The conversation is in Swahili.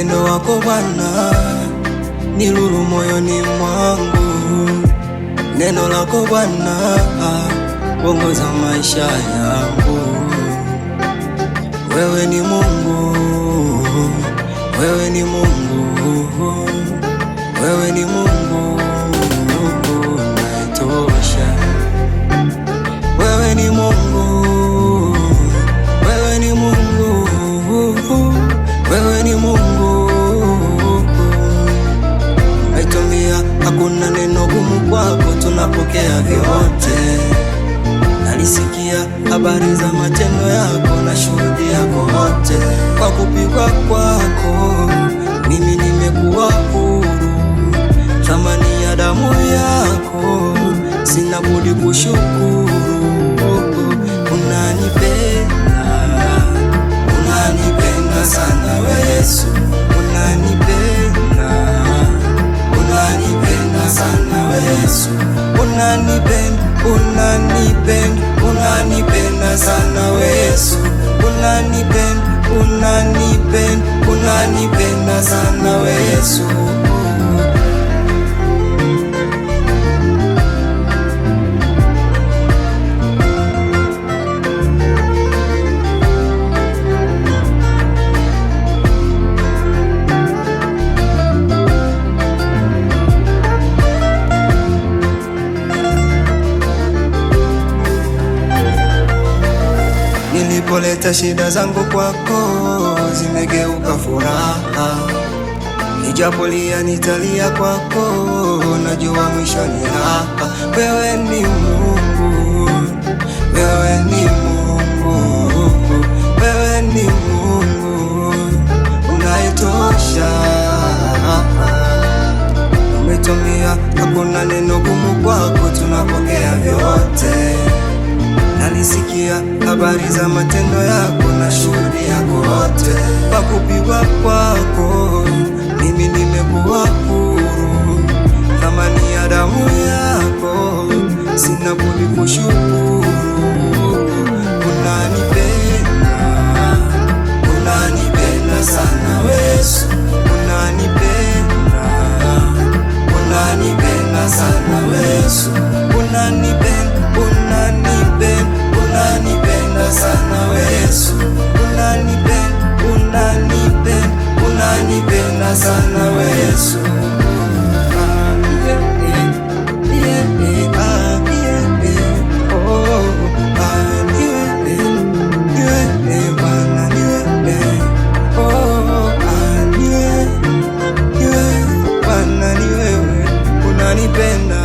Upendo wako Bwana ni lulu moyoni mwangu, neno lako Bwana kuongoza maisha yangu. Wewe ni Mungu, wewe ni Mungu, wewe ni Mungu napokea vyote, nalisikia habari za matendo yako na shuhudi yako wote. Kwa kupigwa kwako mimi nimekuwa huru, thamani ya damu yako sina budi kushukuru. sana Yesu Nilipoleta shida zangu kwako zimegeuka furaha, nijapolia nitalia kwako, najua mwisho ni hapa. Wewe ni Mungu, wewe ni Mungu, wewe ni Mungu unayetosha. Umetumia hakuna neno gumu kwako, tunapokea vyote nilisikia habari za matendo yako na shughuli yako wote, pakupigwa kwako mimi nimekuwa huru, thamani ya damu yako sina budi kushukuru. Napenda sana we Yesu. Unanipenda